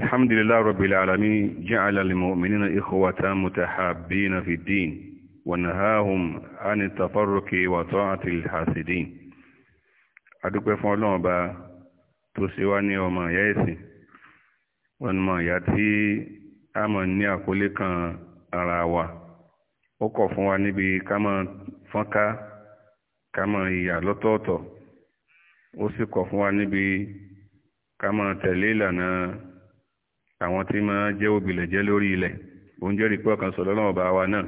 الحمد لله رب العالمين جعل المؤمنين إخوة متحابين في الدين ونهاهم عن التفرق وطاعة الحاسدين adúpẹ́ fún ọlọ́run ọba tó ṣe wá ní ọmọ ìyá ẹ̀sìn wọn mọ ìyá tí a mọ̀ ní àkólé kan ara wa ó kọ̀ fún wa níbi ká mọ̀ fọ́nká ká mọ̀ ìyà lọ́tọ̀ọ̀tọ̀ ó sì kọ̀ fún wa níbi ká mọ̀ tẹ̀lé ìlànà àwọn tí máa jẹ́ òbílẹ̀ jẹ́ lórí ilẹ̀ òun jẹ́rìí pé ọ̀kan sọ̀lọ́lọ́wọ́ bá wa náà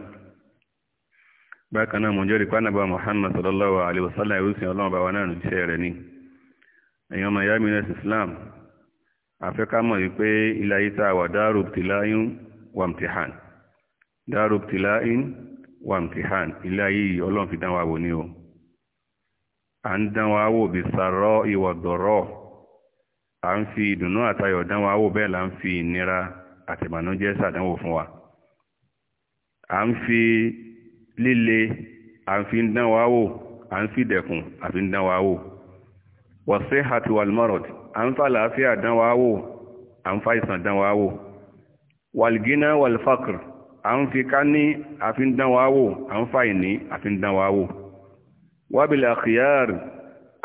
bákan náà mo jẹ́rìí pé ànàbà Muhammad sallallahu alaihi wasallam ìrúsìn ọlọ́wọ́ bá wa náà ní iṣẹ́ rẹ̀ ni èèyàn ọmọ ìyá mìíràn Islam àfẹ́kámọ̀ yìí pé ilẹ̀ ayé tá a wà dáàrú tìláyún ń dán wa wò bí sàrọ́ ìwọ̀dọ̀rọ̀ à ń fi ìdùnnú àtayọ̀ dán wa wò bẹ́ẹ̀ là ń fi ìnira àtìbànújẹ́ ṣàdánwò fún wa à ń fi líle à ń fi ń dán wa ń fi dẹ̀kùn à fi ń dán wa àti walmarod à ń fa làáfíà dán wa wò ń fa ìsàn dán wa walgina walfakr à ń fi ká ní à fi ń dán wa ń fa ìní à fi ń dán wa wò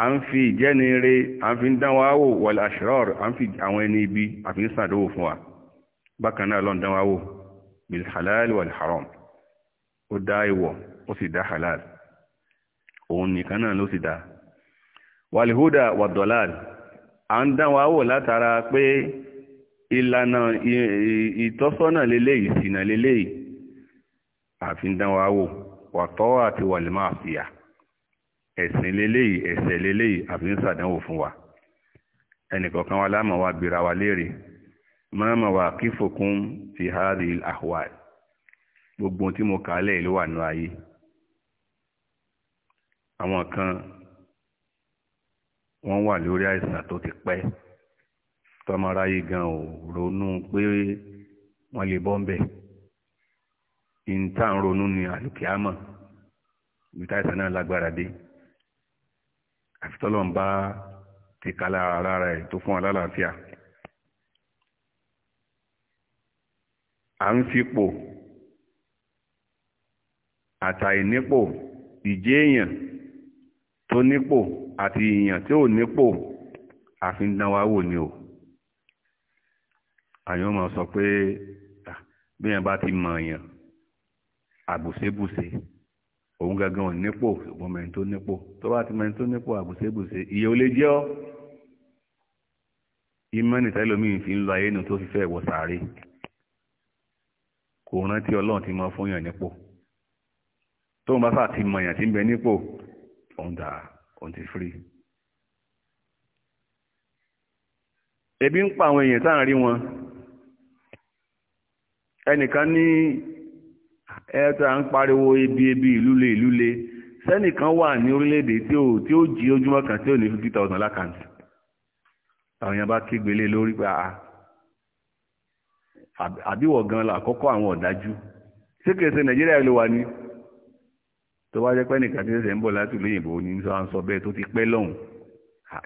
a ń fi ìjẹ́ni re a ń fi ń dán wa wò wal ashrar a ń fi àwọn ẹni ibi a fi ń sàdówò fún wa bákan náà lọ́n dán wa wò bil halal wal haram ó dá ìwọ̀ ó sì dá halal òun nìkan náà ló sì dá wal huda wad dalal a ń dán látara pé ìlànà ìtọ́sọ́nà lélẹ́yìí ìsìnà lélẹ́yìí a fi ń dán wa wò wàtọ́ àti wal ma'siyah ẹ̀sìn leléyìí ẹ̀sẹ̀ leléyìí àbí ń fún wa ẹnìkọ̀ọ̀kan wa láàmọ̀ wa bìíra wa léèrè mọ́mọ́ wa kí fòkun ti háàrí àhùwà gbogbo tí mo kà á lẹ̀ ló wà ní ayé àwọn kan wọ́n wà lórí àìsàn tó ti pẹ́ tọmọráyé gan ò ronú pé wọ́n lè bọ́ ń bẹ̀ ìntà ronú ni àlùkìámọ̀ náà lágbára dé àfi tọ́lọ́ ń bá ti ká lára lára ẹ̀ tó fún alálàáfíà à ń fipò àtàìnípò ìjẹ́ èèyàn tó nípò àti èèyàn tí ò nípò àfi wò ni o àyàn máa sọ pé bí èèyàn bá ti mọ̀ èèyàn àbùsébùsé òun gangan ò nípò ṣùgbọ́n mẹ́rin tó nípò tó bá ti mẹ́rin tó nípò àbùsẹ́bùsẹ́ ìyẹ ò lè jẹ́ ọ́ ìmọ̀nì tẹ́lómìn fi ń lọ ayé nu tó fi fẹ́ wọ sàárè kò rántí ọlọ́run ti mọ fún yàn nípò tóun bá fà ti mọ yàn tí ń bẹ nípò òun dà òun ti firi. ebi ń pa àwọn èèyàn tá à ń rí wọn ẹnìkan ní ẹ̀ẹ́ta ń pariwo ebi ebi ìlúle ìlúle sẹ́nìkan wà ní orílẹ̀-èdè tí ó tí ó jí ojúmọ́ kan tí ò ní fifty thousand lákàntì àwọn èèyàn bá kígbe lé lórí pé a ah, ah. àbíwọ̀ gan la àkọ́kọ́ àwọn ọ̀dájú ṣé kìí ṣe nàìjíríà ló wà ní tó wá jẹ́ pé nìkan tí ṣẹ̀ṣẹ̀ ń bọ̀ láti ìlú òyìnbó ní sọ à ń sọ bẹ́ẹ̀ tó ti pẹ́ lọ́hùn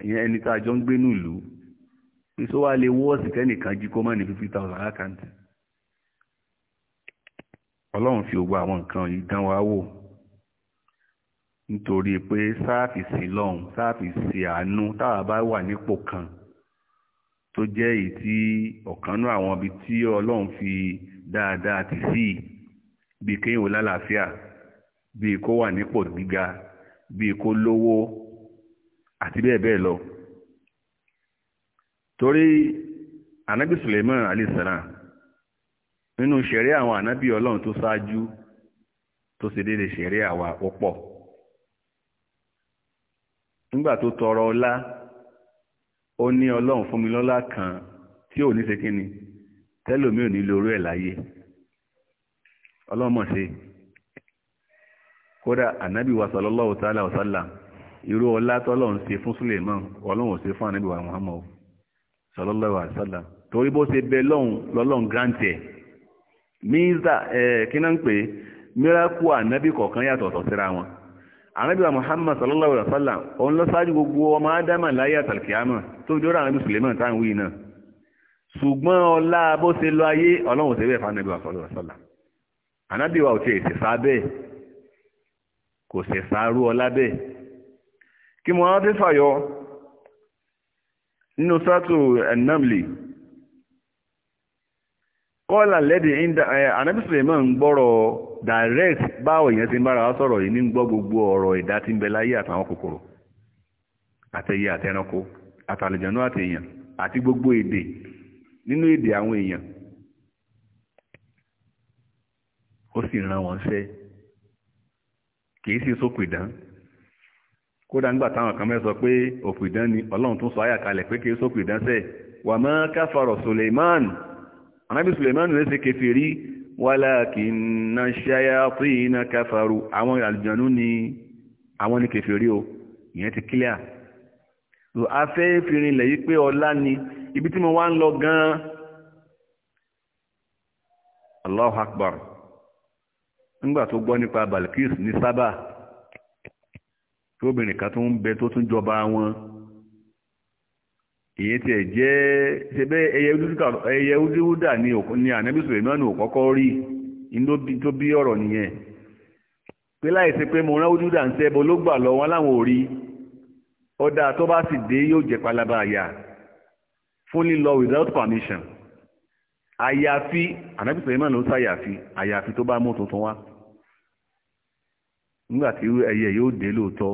ìyẹn ẹni tá a jọ ń gbé nílùú pé sọ wá lè wọ́ọ̀sì kẹ́nìkan jí kó má ní fifty thousand lákàntì ọlọ́run fi gbogbo àwọn nǹkan yìí dán wa wò nítorí pé sáàfì sí lọ́hùn sáàfì sí àánú táwa bá wà nípò kan tó jẹ́ èyí tí ọ̀kanú àwọn ibi tí ọlọ́run fi dáadáa tì sí bíi kéèyàn lálàáfíà bíi kó wà nípò gíga bíi kó lówó àti bẹ́ẹ̀ bẹ́ẹ̀ lọ torí anabi suleiman alayhi salam nínú ṣẹ̀rí àwọn ànábì ọlọ́run tó ṣáájú tó sì dédé ṣẹ̀rí àwa ó pọ̀ nígbà tó tọrọ ọlá ó ní ọlọ́run fún mi lọ́lá kan tí ò ní ṣe kí ni tẹ́lòmí ò ní lóró ẹ̀ láyé mọ̀ ṣe kódà ànábì wa sallallahu ta'ala wa sallam irú ọlá tọ́lọ́run ṣe fún Suleiman ọlọ́run ò ṣe fún ànábì wa Muhammad sallallahu wa torí bó ṣe bẹ lọ́hùn lọ́lọ́run grántì ẹ̀ míza eh, kíná ń pè miracle ànábì kọ̀ọ̀kan yàtọ̀ ọ̀tọ̀ síra wọn ànábì muhammad sallallahu alaihi wasallam sallam òun lọ sáájú gbogbo ọmọ ádámà láyé àtàlkìámà tó dúró ànábì suleiman táwọn wí náà ṣùgbọ́n ọlá bó ṣe lọ ayé ọlọ́run sallallahu alaihi wa sallam ànábì wa ò tiẹ̀ ṣe sá bẹ́ẹ̀ kò ṣe sárú ọlá kọ́ọ̀là lẹ́dì ìndà ànábì Suleiman gbọ́rọ̀ direct bá èèyàn ti bára sọ̀rọ̀ gbogbo ọ̀rọ̀ ìdá tí ń bẹ láyé àtàwọn kòkòrò àtẹyẹ àtẹranko àtàlùjànú àti èèyàn àti gbogbo èdè nínú èdè àwọn èèyàn ó sì ran wọn kìí sì sókò ìdán kódà nígbà táwọn kan mẹ́sọ pé ni Ọlọ́run tún sọ pé kìí sókò ìdán sẹ́ wàmọ́ káfàrọ̀ anábì suleiman lè ṣe kèfèrí walakinna shayatina kafaru àwọn àlùjànnú ni àwọn ni kèfèrí o ìyẹn ti clear so afẹ́ fìrìnlẹ̀ yí pé ọlá ni ibi tí mo wá ń lọ gan-an Allahu Akbar nígbà tó gbọ́ nípa Balkis ní Sábà tó obìnrin tó ń bẹ tó tún jọba wọn ìyẹn tiẹ̀ jẹ́ eye ẹyẹ udúdà ni ànábì Sùlẹ̀mánù kọ́kọ́ rí tó bí ọ̀rọ̀ nìyẹn pé láìsí pé mo rán udúdà ń sẹ́bọ ló gbà lọ wọn láwọn ò rí ọ̀dà tó bá sì dé yóò jẹ́ palaba àyà fún lílọ without permission àyàfi ànábì Sùlẹ̀mánù ló ṣàyàfi àyàfi tó bá mú tuntun wá nígbà tí ẹyẹ yóò dé lóòótọ́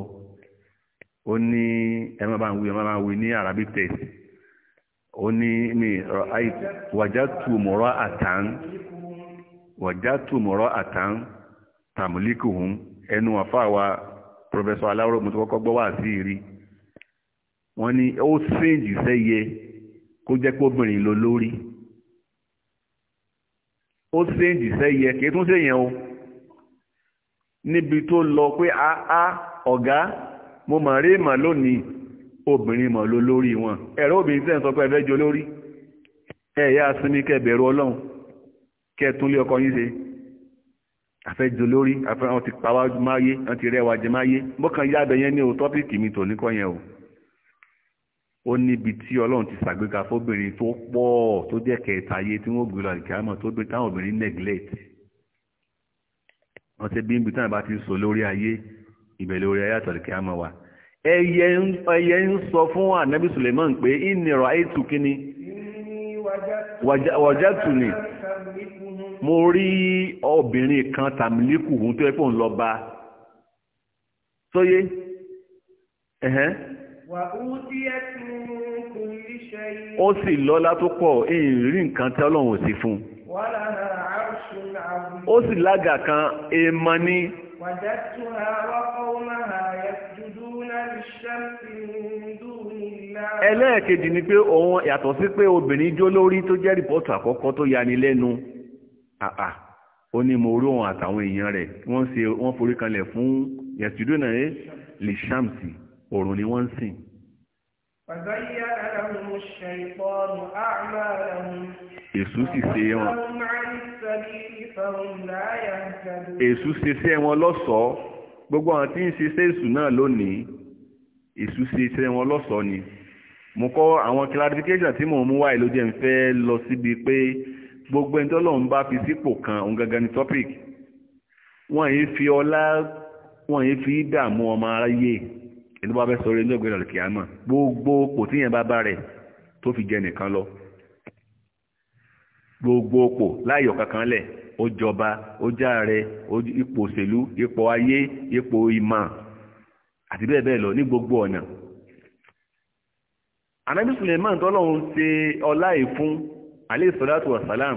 ó ní ẹmọ bá ń wí ẹmọ bá ń wí ní arabic text ó ní mi wàjá tù mọ̀rọ̀ àtàn wàjá tù mọ̀rọ̀ àtàn tàmùlíkùhùn ẹnu àfáàwà professor aláwọ̀ mo ti kọ́kọ́ gbọ́ wá sí rí wọ́n ní ó sèǹjì sẹ́yẹ kó jẹ́ pé obìnrin lórí ó sèǹjì sẹ́yẹ kì í tún o níbi tó lọ pé a a ọ̀gá mo mọ̀ rí mọ̀ lónìí obìnrin mọ̀ ló lórí wọn ẹ̀rọ obìnrin tẹ́ ń sọ pé ẹ̀fẹ́ jọ lórí ẹ̀yà sinmi kẹbẹ̀rù ọlọ́run kẹtúnlé ọkọ yín ṣe àfẹ́ jọ lórí àfẹ́ wọn ti pa wájú máyé wọn ti rẹwà jẹ máyé mọ́kàn yá abẹ yẹn ní o tọ́pìkì mi tò ní kọ́ yẹn o ó níbi tí ọlọ́run ti ṣàgbéga fóbìnrin tó pọ̀ tó jẹ́ kẹta ayé tí wọ́n gbé lọ àdìkàmọ́ tó gbé táwọn obìnrin neglect wọ́n ti bí níbi táwọn bá ti sọ lórí ayé ìbẹ̀lẹ̀ orí ayé àtàlùkẹ́ àmọ́ wa ẹyẹ ń sọ fún ànábì Suleiman pé ìnira ètù kíni wàjátù ni mo rí obìnrin kan tàmílíkù hún tó yẹ pé òun lọ bá sóyé ẹ̀hẹ́n ó sì lọ́lá tó pọ̀ ìrìn nǹkan tí ọlọ́run ò sí fún ó sì lága kan èèmọ̀ ni. وجدتها وقومها يسجدون للشمس من دون الله ẹlẹ́ẹ̀kejì ni pé òun yàtọ̀ sí pé obìnrin jó lórí tó jẹ́ rìpọ́tù àkọ́kọ́ tó yani lẹ́nu àà ó ní mo rí òun àtàwọn èèyàn rẹ̀ wọ́n forí kanlẹ̀ fún yẹ̀sùdúnà eh, lè ṣàmsì òòrùn ni wọ́n ń sìn فزين لهم الشيطان أعمالهم Èṣù sì ṣe wọn. Èṣù ṣe ṣe wọn lọ́sọ̀ọ́. Gbogbo àwọn tí ń ṣiṣẹ́ èṣù náà lónìí, èṣù ṣe ṣe wọn lọ́sọ̀ọ́ ni. Mo kọ́ àwọn clarification tí mò ń mú wáyé ló jẹ́ ń fẹ́ lọ síbi pé gbogbo ẹni tọ́lọ́run bá fi sípò kan òun gangan ni topic. Wọ́n yìí fi ọlá, wọ́n yìí fi dààmú ọmọ aráyé ẹni bá fẹ́ sọ̀rọ̀ inú ògbéra lòkè àmọ́ gbogbo kò tí yẹn bá bá rẹ̀ tó fi jẹ nìkan lọ gbogbo òpò láyọ̀ kankan lẹ̀ ó jọba ó járe ipò òṣèlú ipò ayé ipò ìmọ̀ àti bẹ́ẹ̀ bẹ́ẹ̀ lọ ní gbogbo ọ̀nà anabi suleiman tọ́lọ́run ṣe ọlá ìfún aleṣọ́látù wasalam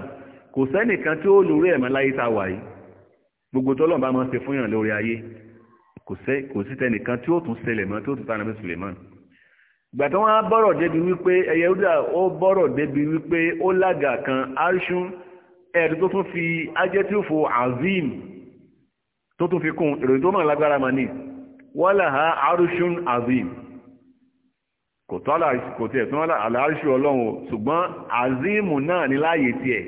kò sẹ́nìkan tí ó lórí ẹ̀mọ́ láyé tá a wà yìí gbogbo tọ́lọ́run bá máa ṣe fún yàn lórí ayé kò sí tẹnìkan tí ó tún ṣẹlẹ̀ mọ́ tí ó tún tánà bí Suleiman ìgbà tí wọ́n á bọ́rọ̀ débi wípé ẹyẹ rúdà ó bọ́rọ̀ débi wípé ó lága kan arṣun ẹ̀rí tó tún fi ajẹ́tíòfò azim tó tún fi kún ìròyìn tó mọ̀ lágbára mà ní wọ́là ha arṣun azim kò tọ́ kò tiẹ̀ tún àlà arṣun ọlọ́run ṣùgbọ́n azim náà ní láàyè tiẹ̀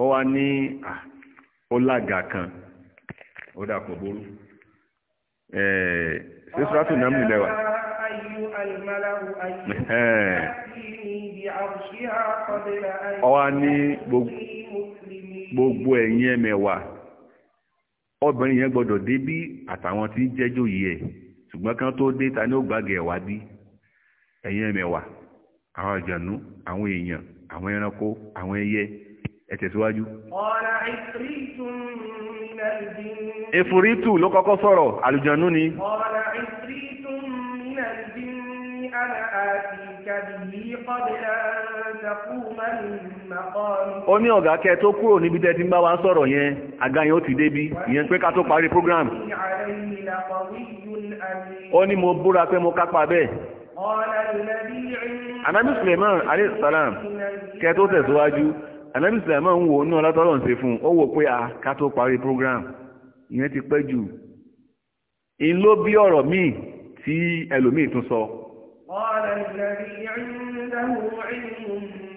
ó wá ní ó lága kan ó dà kò burú ṣé sọ́tù náà mú lẹ́wà. Eh, ọwá ní gbogbo ẹ̀yin ẹ̀mẹ̀wà obìnrin yẹn gbọ́dọ̀ dé bí àtàwọn ti ń jẹ́jọ́ yìí ẹ̀ ṣùgbọ́n kan tó dé ta ní ó gbàgẹ̀ bí ẹ̀yin ẹ̀mẹ̀wà àwọn àjànú àwọn èèyàn àwọn ẹranko àwọn ẹyẹ ẹ tẹ̀síwájú. efuritu ló kọ́kọ́ sọ̀rọ̀ àlùjànnú ni. ó ní ọ̀gá kẹ́ tó kúrò níbi tẹ́ ti ń bá wa sọ̀rọ̀ yẹn àga yẹn ó ti débi ìyẹn pé program. ó mo búra pé mo kápá bẹ́ẹ̀. Suleiman alayhi salam kẹ́ tó tẹ̀síwájú. anabi sulaiman ń wo inú ọlọ́tọ́lọ́ ń ṣe fún un ó wò pé a ká tó parí program ìyẹn ti pẹ́ jù ń ló bí ọ̀rọ̀ míì tí ẹlòmíì tún sọ. قال الذي عنده علم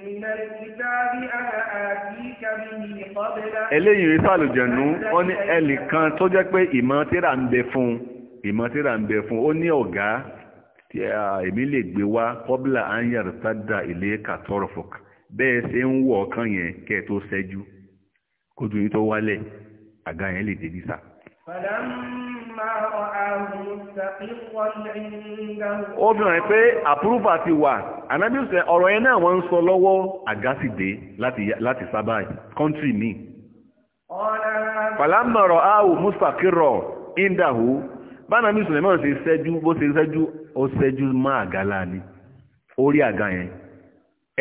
من الكتاب أنا آتيك به قبل eléyìí rí sàlùjẹ̀nú ó ní ẹnìkan tó jẹ́ pé ìmọ̀ tírà ń bẹ fún ìmọ̀ tírà ń bẹ fún ó ní ọ̀gá èmi lè gbé wá kọ́bílà anyar tada ilé katọ́rọ̀fọ̀kà bẹ́ẹ̀ ṣe ń wọ̀ ọ̀kan yẹn kẹ́ tó ṣẹ́jú kó dùn yín tó wálẹ̀ àga yẹn lè dé nísà. obìnrin pé àpúrúfà ti wà ànábì ṣe ọ̀rọ̀ yẹn náà wọ́n ń sọ lọ́wọ́ àga láti sábà kọ́ńtì míì. fàlámọ̀rọ̀ áwù mustaqirra indahu bánà mi sùn ṣe ṣẹ́jú bó ṣe ṣẹ́jú ó ṣẹ́jú má àgálà ni orí àga yẹn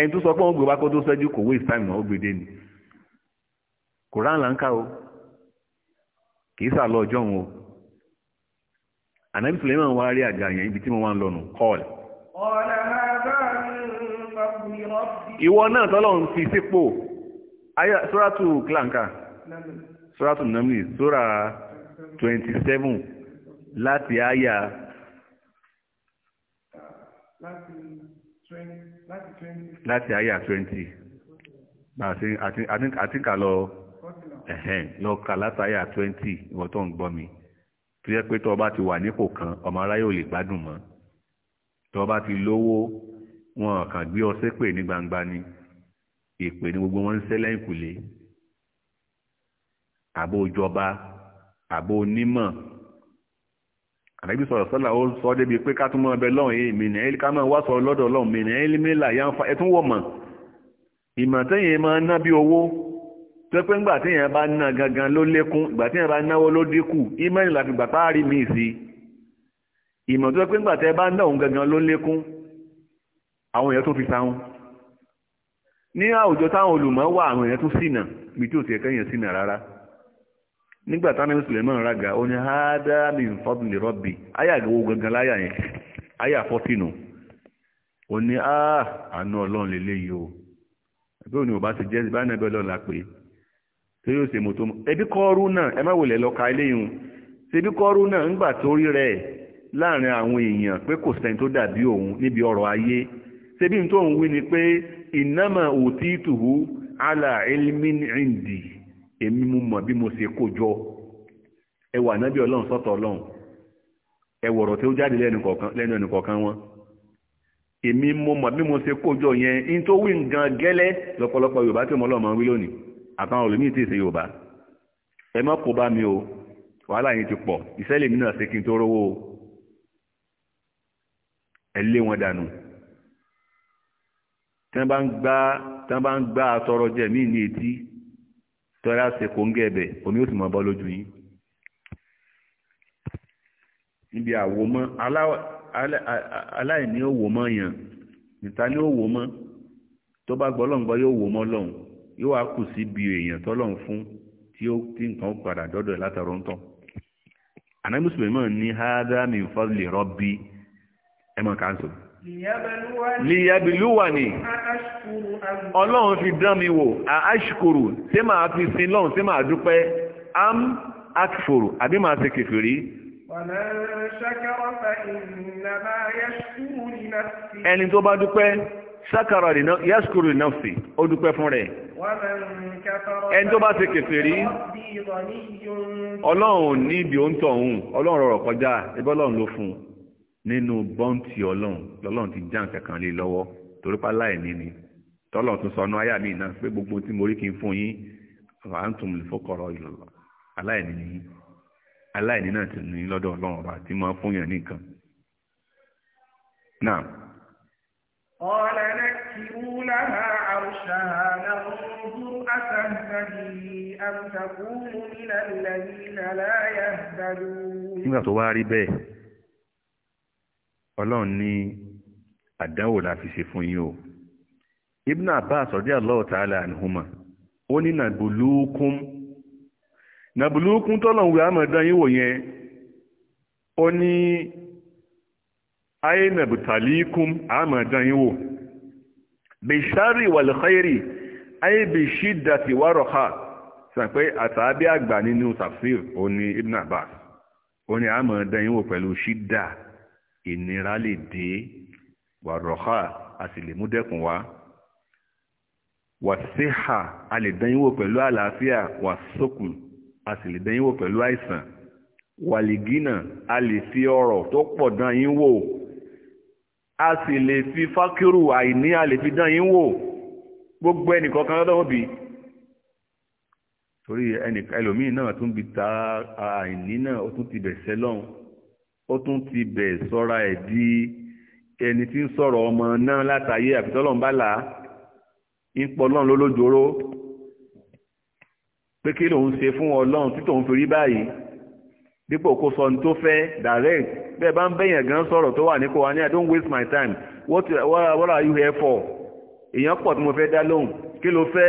ẹni tó sọ pé òun gbé wá tó sẹ́jú kò waste time náà ó gbèdé ni koran là ń ká o kìí sà lọ ọjọ́ òun o ànábì Suleiman wá rí àga yẹn ibi tí mo wá ń lọ nù kọ́ọ̀lì. ọ̀nà máa bá mi lọ bí. ìwọ náà tọ́lọ́run fi sípò sóràtù kílàǹkà sóràtù nàmì sóra twenty seven láti àyà. láti twenty láti a 20 àtìkà lọ ẹ̀hẹ́n lọ kà látàyà 20 ìwọ̀n tó ń gbọ́ mi tó yẹ pé tọ́ọ̀bá ti wà nípò kan ọmọ aráyé ò lè gbádùn mọ́ tọ́ọ̀bá ti lówó wọn kàn gbé ọ ṣépè ní gbangba ni ìpè ní gbogbo wọn ń ṣe lẹ́yìnkùlé àbó ìjọba àbó onímọ̀ ànábì sọ̀rọ̀ sọ́là ó sọ débi pé ká tún mọ́ ẹbẹ lọ́hùn yìí mìíràn ẹ́lì ká máa wá sọ lọ́dọ̀ lọ́hùn mìíràn ẹ́lì mélà yá ń fa ẹtún wọ̀ mọ̀ ìmọ̀ téèyàn máa ná bí owó tó pé ńgbà téèyàn bá ná gangan ló lékún ìgbà téèyàn bá náwó ló dínkù ìmọ̀ni láti gbà páàrí mi sí ìmọ̀ tó pé ńgbà tẹ́ bá ná òun gangan ló lékún àwọn èèyàn tó nígbà táwọn ẹni Suleiman raga ó ní hádá min fadli rabbi ayà gbogbo gangan láyà yẹn ayà fọ́tínù ó ní áà àánú ọlọ́run lè léyìí o ẹgbẹ́ òní ọba ti jẹ́ ìbá náà bẹ́ẹ̀ lọ́la pé tó yóò ṣe mọ́tò ẹbí kọ́ọ́rú náà ẹ má wòlẹ̀ lọ́ka eléyìí ṣebí kọ́ọ́rú náà ńgbà tó rí rẹ̀ láàrin àwọn èèyàn pé kò sẹ́ni tó dàbí òun níbi ọ̀rọ̀ ayé ṣebí tó ń wí ni pé ìnámà òtítùhù àlà ilmin indi èmi mo mọ̀ bí mo ṣe kó jọ ẹ wà nábì ọlọ́run sọ́tọ̀ ọlọ́run ẹ wọ̀rọ̀ tí ó jáde lẹ́nu ẹnìkọ̀ọ̀kan wọn èmi mo mọ̀ bí mo ṣe kó jọ yẹn in tó wí nǹkan gẹ́lẹ́ lọ́pọ̀lọpọ̀ yorùbá tí mo lọ́mọ wí lónìí àtàwọn olùmíì tí ì ṣe yorùbá ẹ má kó bá mi o wàhálà yìí ti pọ̀ ìṣẹ́lẹ̀ mi náà ṣe kí n tó rówó ẹ lé wọn dànù tí wọ́n bá ń gbá atọrọ jẹ míì ní etí tọ́ra ṣe kò ń gẹ̀ẹ́bẹ̀ omi ó sì mọ́ bọ́ lójú yín níbi àwòmọ́ aláìní òwò mọ́ yàn níta ní òwò mọ́ tó bá gbọ́ lọ́ngbọ́ yóò wò mọ́ lọ́hùn yóò wá kù fún tí ó nǹkan padà dọ́dọ̀ ẹ̀ látọ̀rọ̀ ń ni àná mùsùlùmí ní hádámì fọ́lì lìyàbìlúwàní ọlọ́run fi dán mi wò àáṣkòrò tí máa fi sin lọ́run tí máa dúpẹ́ am akfòrò àbí máa ṣe kèfèrí ẹni tó bá dúpẹ́ sákàrà yàṣkòrò ìnáfì ó dúpẹ́ fún rẹ̀ ẹni tó bá ṣe kèfèrí ọlọ́run ní ibi ó ń tọ̀hún ọlọ́run rọrọ̀ kọjá ẹgbẹ́ ọlọ́run ló fún un nínú bọ́ǹtì ọlọ́run lọ́lọ́run ti já nǹkan kan lé lọ́wọ́ torípa láìní ni tọ́lọ̀ tún sọ ọ́nà ayà mi náà pé gbogbo tí mo rí kí n fún yín wà á ń tún lè fọ́kọ̀rọ̀ ìlọ́lọ́ aláìní ni yín aláìní náà ti ní lọ́dọ̀ ọlọ́run ọba tí máa fún yàn nìkan. náà. ọ̀rẹ́ rẹ̀ kì í wú lára àrùṣà àwọn ojú àtàǹtàǹtì àtàkùn nílẹ̀ lẹ́yìn nígbà tó wá rí bẹ́ẹ̀ ọlọ́run ní àdánwò la fi ṣe fún yín o ibn abbas radiyallahu ta'ala anhuma ó ní nàbùlùkún nàbùlùkún tọ́lọ̀n wí àmọ̀dán yíwò yẹn ó ní ayé nàbùtàlíkún àmọ̀dán yíwò bishari wal ayé bishidati waraha sàn pé àtàbí àgbà nínú tafsir ó ní ibn abbas ó ní àmọ̀dán yíwò pẹ̀lú shidda ìnira lè dé wàrọ̀há a sì lè mú dẹ́kun wá wàsíhà a lè dányínwò pẹ̀lú àlàáfíà wàsókùn a sì lè dányínwò pẹ̀lú àìsàn wàlìgínà a lè fi ọrọ̀ tó pọ̀ dányínwò a sì lè fi fákírù àìní a lè fi dányínwò gbogbo ẹnìkọ̀ọ̀kan lọ́dọ̀ òbí torí ẹlòmíì náà tún bi ta àìní náà ó tún ti bẹ̀ sẹ́lọ́hún ó tún ti bẹ̀ sọ́ra ẹ̀ di ẹni tí ń sọ̀rọ̀ ọmọ náà látàyé àfitọ́lọ́mbàlà ń pọ̀ lọ́n lólójóró pé kí lòun ṣe fún ọlọ́run tí tòun fi rí báyìí dípò kó sọ ní tó fẹ́ direct bẹ́ẹ̀ bá ń bẹ̀yàn gan sọ̀rọ̀ tó wà ní kò wá ní i don't waste my time what, what, what are you here for èèyàn pọ̀ tí mo fẹ́ dá lóhùn kí ló fẹ́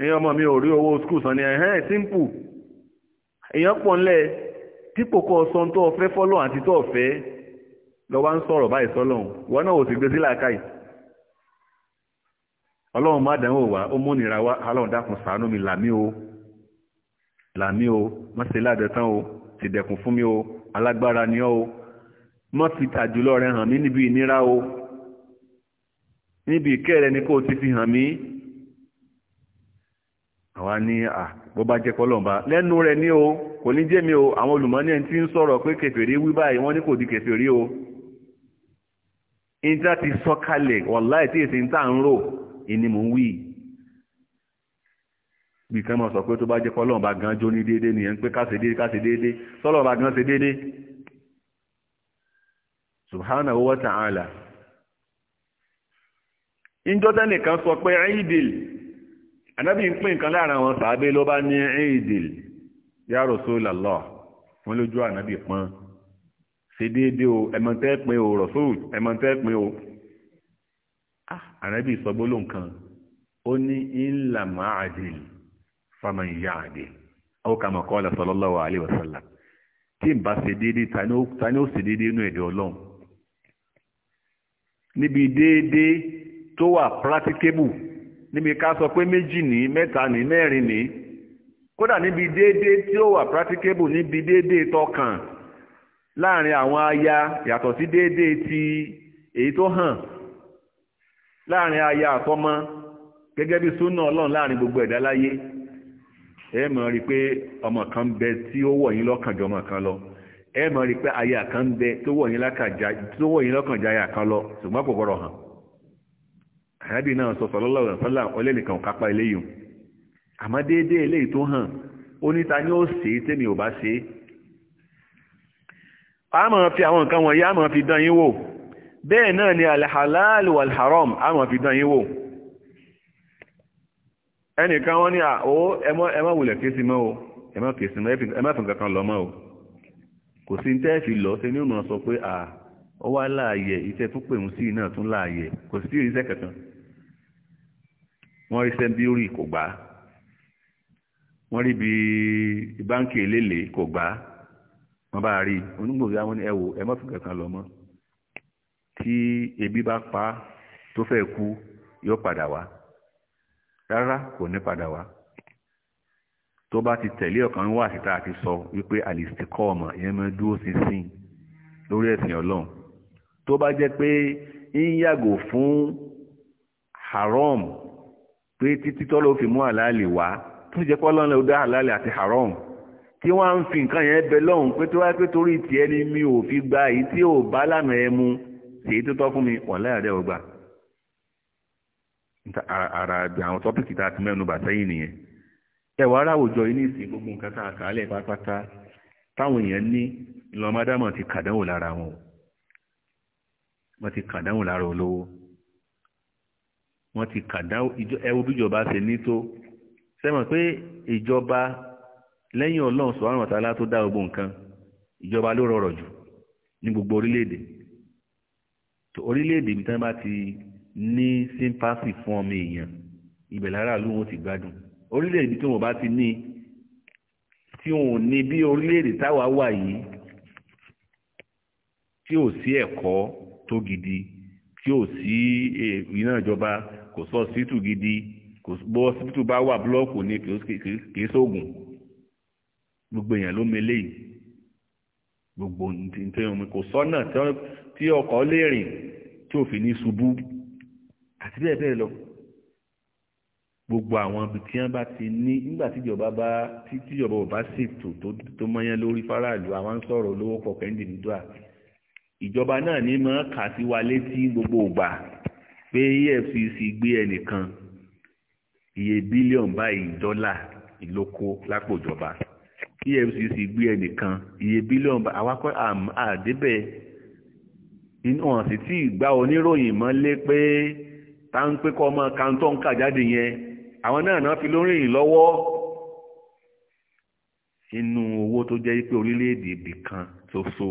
èèyàn ọmọ mi ò rí owó school san ni ẹ̀hẹ́n simple èèyàn pọ̀ ńlẹ̀ dípò kọ́ ọ̀sán tó ọ̀fẹ́ fọ́lọ́ àti tó ọ̀fẹ́ lọ́wọ́ ń sọ̀rọ̀ báyìí sọ́lọ́hún wọn náà ò sì gbé sí làákàyè ọlọ́run má dánwò wá ó múnira wá ọlọ́run dákun ṣàánú mi làmí o làmí o má ṣe ládẹ́tán o ti dẹ̀kùn fún mi o alágbára ni ọ́ o má fi tàjùlọ rẹ hàn mí níbi ìnira o níbi ìkẹ́ rẹ ni kó o ti fi hàn mí àwa ní à bó bá jẹ́ pọ́lọ́mbà lẹ́nu rẹ̀ ní o kò ní jẹ́mi o àwọn olùmọ́ní ẹni tí ń sọ̀rọ̀ pé kèfèrí wí báyìí wọ́n ní kò di kèfèrí o ìjà ti sọ kalẹ̀ wọ̀láì tí èsì ń tà ń rò ìní mò ń wí bí kan mọ̀ sọ pé tó bá jẹ́ pọ́lọ́mbà gan jó ní déédéé nìyẹn pé káṣe déédéé káṣe déédéé sọ́lọ́mbà gan ṣe déédéé subhanahu wa ta'ala ìjọ tẹ́nìkan sọ pé idil ànábì ń pín nǹkan láàrin àwọn sàábé ló bá ní eidil ya Rasulullah wọ́n lójú ànábì pọ́n ṣe déédé o ẹmọ̀tẹ́ pin o Rasul ẹmọ̀tẹ́ pin o ah, ànábì sọ gbólóhùn kan ó ní illa ma'adil faman ya'dil aw kama níbi ká sọ pé méjì ní mẹ́ta ní mẹ́rin ní kódà níbi déédéé tí ó wà practicable níbi déédéé tọkàn láàrin àwọn aya yàtọ̀ sí déédéé ti èyí tó hàn láàrin aya àtọmọ gẹ́gẹ́ bí súnà ọlọ́run láàrin gbogbo ẹ̀dá láyé ẹ mọ̀ rí pé ọmọ kan bẹ tí ó wọ̀ yín lọ́kàn jọ ọmọ kan lọ ẹ mọ̀ rí pé aya kan bẹ tó wọ̀ yín lọ́kàn já aya kan lọ ṣùgbọ́n kò gbọ́dọ̀ hàn ànábì náà sọ sallallahu alaihi wasallam ọlẹ́nìkan kápá eléyìí àmọ́ déédéé eléyìí tó hàn ó níta ni ó ṣe é tèmi ò bá ṣe é a máa fi àwọn nǹkan wọ̀nyí a máa fi dán yín wò bẹ́ẹ̀ náà ni alhalal walharam a máa fi dán yín wò ẹnìkan wọ́n ní àó ẹmọ́ wùlẹ̀ kéèsì mọ́ o ẹmọ́ kéèsì mọ́ ẹmọ́fìn kankan lọ mọ́ o kò sí tẹ́ fi lọ sí ní sọ pé à ó wá láàyè iṣẹ́ tó pè ń sí náà tún láàyè kò sí iṣẹ́ kankan wọ́n rí sẹ́ńbírì kò gbà wọ́n rí bí báńkì eléèlé kò gbà wọ́n bá rí onígbòrí àwọn ẹ wò ẹ má fi kankan lọ mọ́ tí ebi bá pa tó fẹ́ kú yóò padà wá rárá kò ní padà wá tó bá ti tẹ̀lé ọ̀kan wá síta àti sọ wípé àlìsí kọ́ ọmọ ìyẹn máa dúró ṣinṣin lórí ẹ̀sìn ọlọ́run tó bá jẹ́ pé ń yàgò fún haram pé títí tọ́lọ́ fi mú àlàálì wá tó jẹ́ pọ́lọ́ ló dá àlàálì àti haram tí wọ́n á ń fi nǹkan yẹn bẹ lọ́hùn pé tó wáyé pé torí tiẹ̀ ni mi ò fi gba èyí tí ò bá lànà ẹ mu èyí tó tọ́ fún mi wọ̀n láyàdẹ́ ọgbà ara àwọn tọ́pìkì tá a ti mẹ́nu bà sẹ́yìn nìyẹn ẹwà ara àwùjọ yìí ní ìsìn gbogbo nǹkan tá a kà á lẹ̀ pátápátá táwọn èèyàn ní lọ́mọdámọ̀ ti kàdánwò lára wọn wọ́n ti kàdánwò lára olówó wọ́n ti kàdá ẹwú bíjọba ṣe ní tó sẹ́mọ̀ pé ìjọba lẹ́yìn ọlọ́run subhanahu wa ta'ala tó dá gbogbo nǹkan ìjọba ló rọrọ̀ jù ní gbogbo orílẹ̀-èdè tó orílẹ̀-èdè ibi tí wọ́n bá ti ní sympathy fún ọmọ èèyàn ibẹ̀ lára ìlú wọn ti gbádùn orílẹ̀-èdè tí wọ́n bá ti ní tí wọn ò ní bí orílẹ̀-èdè táwa wà yìí tí ò sí ẹ̀kọ́ tó gidi tí ò sí ìran eh, ìjọba kò sọ síìtù gidi kò bọ́ síìtù bá wà búlọ́ọ̀kù ni kì í sóògùn gbogbo èèyàn ló melé yìí gbogbo nítorí omi kò sọ́nà tí ọkọ̀ lè rìn tí ò fi ní ṣubú àti bẹ́ẹ̀ bẹ́ẹ̀ lọ gbogbo àwọn ibi tí wọ́n bá ti ní nígbà tíjọba bá tíjọba ò bá ṣètò tó mọ́yán lórí fáráàlú àwọn ń sọ̀rọ̀ lówó pọ̀ nídọ́à ìjọba náà ní máa kà sí wa létí gbogbo ògbà pé EFCC gbé ẹnìkan iye bílíọ̀n báyìí dọ́là ìlókó lápòjọba EFCC gbé ẹnìkan iye bílíọ̀n báyìí awakọ̀ àdébẹ̀ inú hàn sí tí ìgbà oníròyìn mọ́lé pé ta ń pé kọ́ ọmọ kàńtọ́ ń kà jáde yẹn àwọn náà náà fi lórí yìí lọ́wọ́ inú owó tó jẹ́ pé orílẹ̀-èdè ibì kan ṣoṣo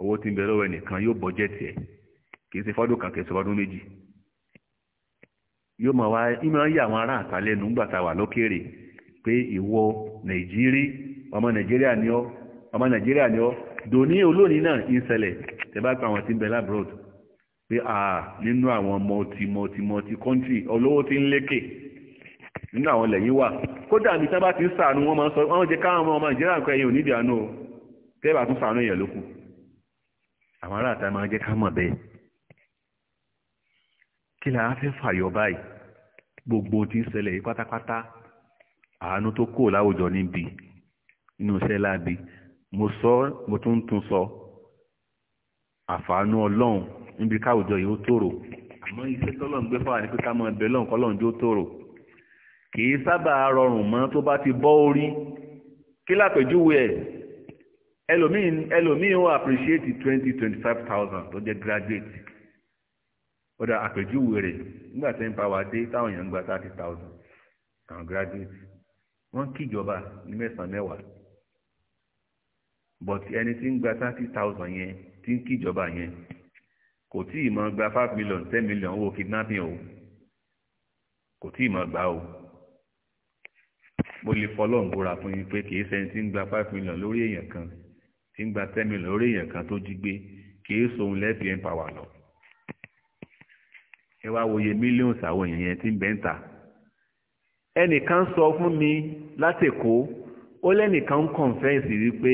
owó tí ń bẹ lọ́wọ́ ẹnìkan yóò bọ́jẹ̀tì ẹ̀ kì í ṣe fọ́dún kan kì í ṣe fọ́dún méjì yóò mọ̀ wá ìmọ̀ yí àwọn ará àtàlẹ́nu ńgbà wà lókèrè pé ìwọ nàìjírí ọmọ nàìjíríà ni ọ ọmọ nàìjíríà ni ọ dòní olónìí náà ń ṣẹlẹ̀ tẹ́ pa àwọn tí ń bẹ nínú àwọn mọ̀tì mọ̀tì mọ̀tì kọ́ńtì olówó ti ń lékè nínú àwọn ilẹ̀ wà kódà ní sábà ti ń sàánú wọn máa sọ wọn jẹ káwọn ọmọ o tún sàánú lókù àwọn máa kí la fẹ́ fàyọ báyìí gbogbo tí ń ṣẹlẹ̀ yìí pátápátá àánú tó kò láwùjọ níbi inú iṣẹ́ láabi mo sọ mo tún tún sọ àfàánú ọlọ́run níbi káwùjọ yìí ó tòrò àmọ́ iṣẹ́ tọ́lọ́run gbé fáwọn ní pé ká mọ ẹbẹ̀ lọ́run kọ́lọ́run jó tòrò kì í sábà rọrùn mọ́ tó bá ti bọ́ orí kí lápèjúwe ẹ̀ ẹlòmíín ẹlòmíín ó appreciate twenty twenty five thousand tó jẹ́ graduate ọ̀dà àpèjúwe rẹ̀ nígbà tí ń pa wá dé táwọn èèyàn ń gba thirty thousand kàn graduate wọ́n kíjọba ní mẹ́sàn-án mẹ́wàá but ẹni tí ń gba thirty thousand yẹn tí ń kíjọba yẹn kò tí ì mọ̀ gba five million ten million owó kidnapping o kò tí ì mọ̀ gbà o mo lè fọlọ́n búra fún yín pé kìí ṣẹni tí ń gba five million lórí èèyàn kan tí ń gba ten million lórí èèyàn kan tó jí gbé kìí ṣohun lẹ́bi ẹ̀ ń pa wà lọ ẹ wá wòye mílíọ̀nù àwọn èèyàn yẹn tí ń bẹ́ ń ta ẹnìkan sọ fún mi látèkó ó lẹ́nìkan ń kọ̀ǹfẹ́ǹsì wípé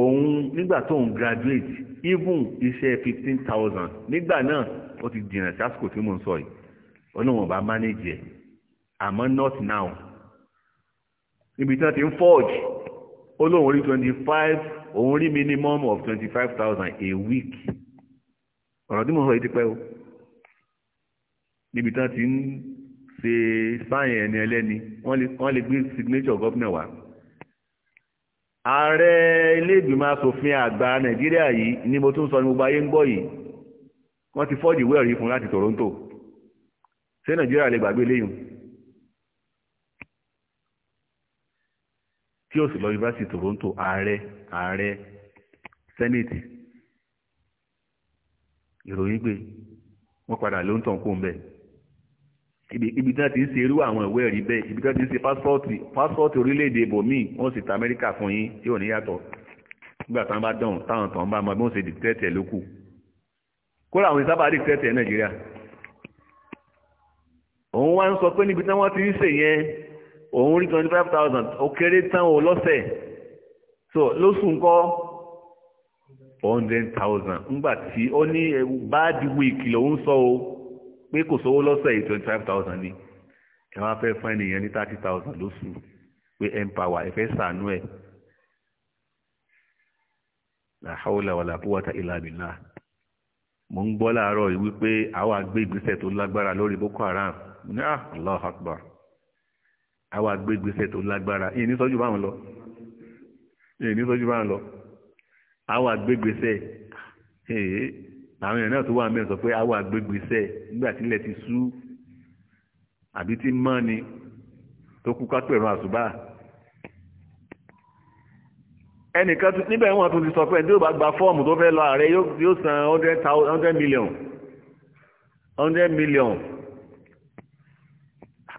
òun nígbà tó ń graduate even iṣẹ́ fifteen thousand nígbà náà ó ti dìnnà sásìkò tí mò ń sọ yìí ọlọ́wọ́n bá manage ẹ̀ àmọ́ not now níbi tí wọ́n ti ń forge ó lóun twenty five òun rí minimum of twenty five thousand a week ọ̀rọ̀ tí mo sọ yìí ti pẹ́ o níbi tán ti ń ṣe sáyẹn ẹni ẹlẹ́ni wọ́n lè gbé signature gọ́fìnà wá ààrẹ ilé ìgbìmọ̀ asòfin àgbà nàìjíríà yìí ni mo tún sọ ní gbogbo ayé ń gbọ́ yìí wọ́n ti fọ́ọ̀dì ìwé ẹ̀rí fún láti Toronto ṣé nàìjíríà lè gbàgbé léyìn tí ó sì lọ yunifásitì Toronto ààrẹ ààrẹ senate ìròyìn pé wọ́n padà ló ń tàn kó ń bẹ́ẹ̀ ibi tí wọ́n ti ń ṣe irú àwọn ìwé ẹ̀rí bẹ́ẹ̀ ibi tí wọ́n ti ń ṣe pásọ́ọ̀tì pásọ́ọ̀tì orílẹ̀-èdè ibòmíì wọ́n sì ta amẹ́ríkà fún yín tí ò ní yàtọ̀ nígbà táwọn bá dán táwọn tàn bá mọ bí wọ́n ṣe dìtẹ́tẹ̀ lókù kóra àwọn ìsábà dìtẹ́tẹ̀ nàìjíríà òun wá ń sọ pé níbi tí wọ́n ti ń ṣe yẹn òun rí twenty five thousand ó kéré tán o lọ́sẹ̀ so lóṣù ńkọ́ hundred thousand ńgbà tí ó ní bad week lòun sọ o pé kò sówó lọ́sẹ̀ yìí twenty five thousand ni ẹ wá fẹ́ fún ènìyàn ní thirty thousand lóṣù pé empower ẹ fẹ́ sànú ẹ̀ la hawla wala quwwata illa billah mo ń gbọ́ láàárọ̀ yìí wípé àwa gbé ìgbésẹ̀ tó lágbára lórí boko haram ní ah allah akbar àwa gbé ìgbésẹ̀ tó lágbára yìí ní sọ́jú báwọn lọ yìí ní sọ́jú báwọn lọ àwa gbé ìgbésẹ̀ ee àwọn èèyàn náà tó wà mẹ́rin sọ pé àwọn àgbégbèsẹ̀ nígbà tí ilẹ̀ ti sú àbí tí mọ́ ni tó kú kápẹ̀rún àṣùbà ẹnìkan níbẹ̀ wọn tún ti sọ pé ẹni tí bá gba fọ́ọ̀mù tó fẹ́ lọ ààrẹ yóò san hundred million hundred million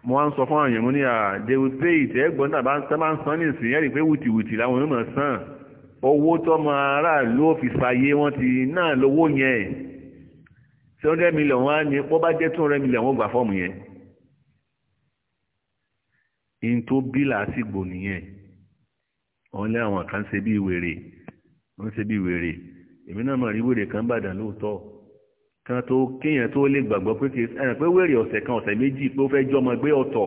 mo wá ń sọ fún àwọn èèyàn mo ní à they will pay it ẹ̀gbọ́n tàbá ń san ní ìsìn ẹ̀rí pé wùtìwùtì làwọn yóò mọ̀ san owó tọmọ aráàlú òfin fàyè wọn ti náà lówó yẹn tí wọ́n rẹ́ mílíọ̀n wá ní wọ́n bá jẹ́ tún rẹ́ mílíọ̀n wọ́n gbà fọ́ọ̀mù yẹn in tó bí làásìgbò nìyẹn wọ́n lé àwọn kan ṣe bí wèrè wọ́n ṣe bí wèrè èmi náà mọ̀ rí wèrè kan bàdàn lóòótọ́ kan tó kéèyàn tó lè gbàgbọ́ pé kìí ẹ̀ràn pé wèrè ọ̀sẹ̀ kan ọ̀sẹ̀ méjì pé ó fẹ́ jọmọ gbé ọ̀tọ̀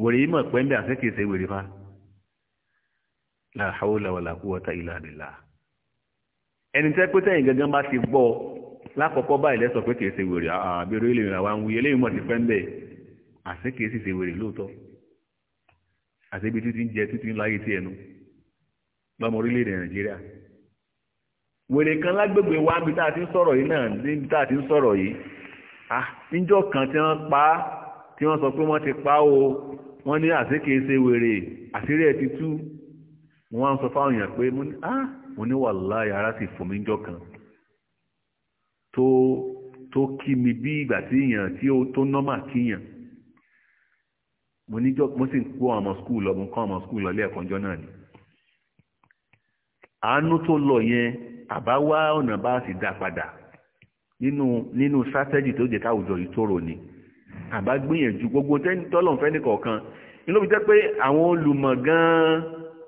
wèrè yìí mọ̀ pẹ́ńbẹ́ àṣẹ́kèsè wèrè fa la hawla wala quwwata illa billah eni tẹ́ pé tẹ́yìn gangan bá ti gbọ́ lákọ̀ọ́kọ́ báyìí lẹ́sọ̀ pé kìí ṣe wèrè àbẹ̀rẹ̀ ilé ìrìnà wa ń wuye eléyìí mọ̀ ti fẹ́ ń bẹ̀ àti kìí sì ṣe wèrè lóòótọ́ àti ibi títí ń jẹ títí ń láyé tí ẹnu lọ́mọ orílẹ̀-èdè nàìjíríà wèrè kan lágbègbè wa níbi tá a ti ń sọ̀rọ̀ yìí náà níbi tá a ti ń ah níjọ́ kan tí wọ́n pa á tí wọ́n sọ pé ti pa o wọ́n ní àti kìí ṣe wèrè àṣírí ti tú mo wá ń sọ fáwọn èèyàn pé mo ní ah mo ní wàláhì ara sì fò mí jọ kan tó tó kí mi bí ìgbà tí èèyàn tí ó tó nọ́mà kíyàn mo níjọ́ mo sì ń kó ọmọ skul lọ mo kọ́ ọmọ skul lọ ilé náà ni àánú tó lọ yẹn àbá wá ọ̀nà bá sì dá padà nínú nínú strategy tó jẹ́ káwùjọ yìí tóró ni àbá gbìyànjú gbogbo tẹ́ni nìkọ̀ọ̀kan nínú bí jẹ́ pé àwọn olùmọ̀ gan-an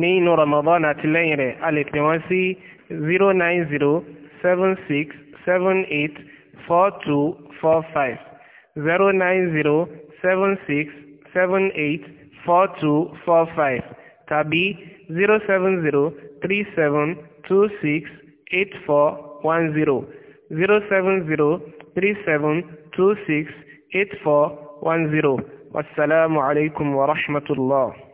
ní inú Ramadan àti lẹ́yìn rẹ̀ a lè pè wọ́n sí zero nine zero seven six tàbí zero seven zero three seven two wa rahmatulah.